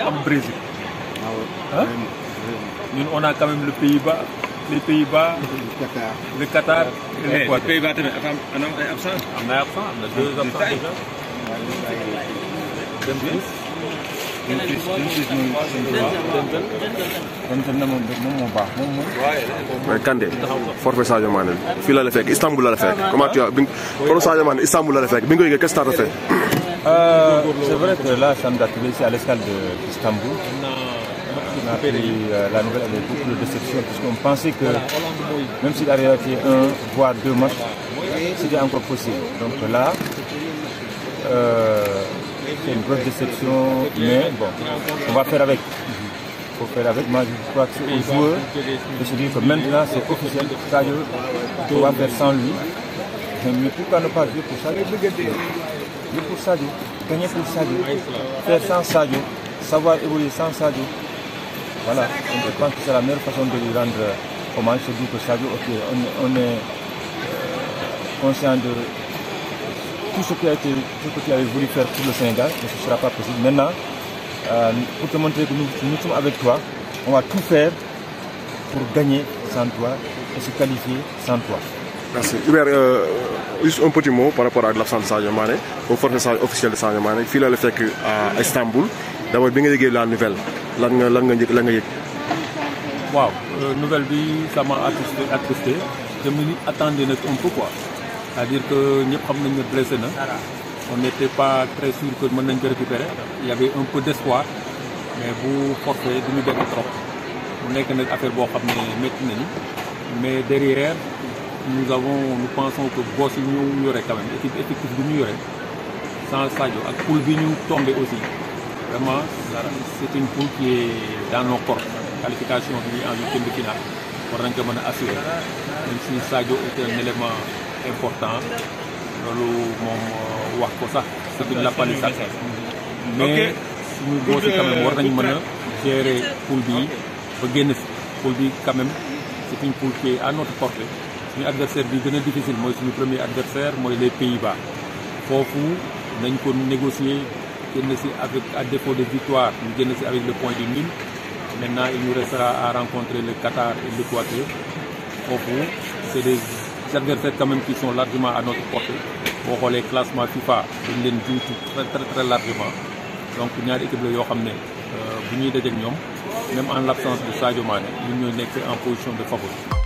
au Brésil. Hein? Nous, on a quand même le Pays-Bas, les Pays-Bas, le Qatar, le Qatar. Pays-Bas, un absent. On est absent, on a deux absents déjà. Kande forfait Sadio la la Istanbul la la comment tu as Sadio Istanbul la la qu'est-ce que t'as fait C'est vrai que là, ça nous a ici à l'escale d'Istanbul. On a, pris, euh, la nouvelle avec beaucoup de déception, puisqu'on pensait que même s'il avait été un, voire deux matchs, c'était encore possible. Donc là, euh, c'est une grosse déception, mais bon, on va faire avec. Il faut faire avec. Moi, je crois que c'est aux joueurs de se dire que maintenant, c'est officiel, ça, je va faire sans lui. Mais pourquoi ne pas jouer pour ça pour Sadio, gagner pour Sadio, faire sans Sadio, savoir évoluer sans Sadio. Voilà, je pense que c'est la meilleure façon de lui rendre hommage. sur que Sadio, ok, on, est euh, conscient de tout ce qui a été, tout ce avait voulu faire pour le Sénégal, mais ce ne sera pas possible. Maintenant, euh, pour te montrer que nous, nous, sommes avec toi, on va tout faire pour gagner sans toi et se qualifier sans toi. Merci. Hubert, euh, juste un petit mot par rapport à l'absence de Sadio Mané, au forfait officiel de Sadio Mané. il fait l'effet à Istanbul. D'abord bi nga yëgee la nouvelle qu'est-ce que nga as nga euh, nouvelle bi ça m'a attristé attristé je me suis attendu un peu quoi c'est-à-dire que nous sommes été on n'était pas très sûr que nous allions récupérer il y avait un peu d'espoir mais vous forcez, de nous bett trop on nekk nag affaire boo xam mais derrière nous avons nous pensons que boss nous ñu aurait quand même équipe effectif bi ñu yore sans Sadio avec poule nous tomber aussi vraiment c'est une poule qui est dans nos corps qualification en huitième de finale Pour nañ ko assurer même si Sadio est un élément important Nous avons euh, wax ko ça? c'est une lapalissade mais suñu boss quand même pour nañ mën a gérer poule pour ba quand même c'est une poule qui est à notre portée suñu adversaire bi gën difficile mooy suñu premier adversaire mooy les Pays-Bas foofu nañ ko négocier génn avec à défaut de victoire nous avons négocié avec le point de nul maintenant il nous restera à rencontrer le Qatar et l'Équateur foofu c'est des adversaires quand même qui sont largement à notre portée boo xoolee classement FIFA dañ leen juutu très très très largement donc nous équipe la yoo xam ne euh, bu ñuy même en l'absence de Sadio nous sommes en position de favori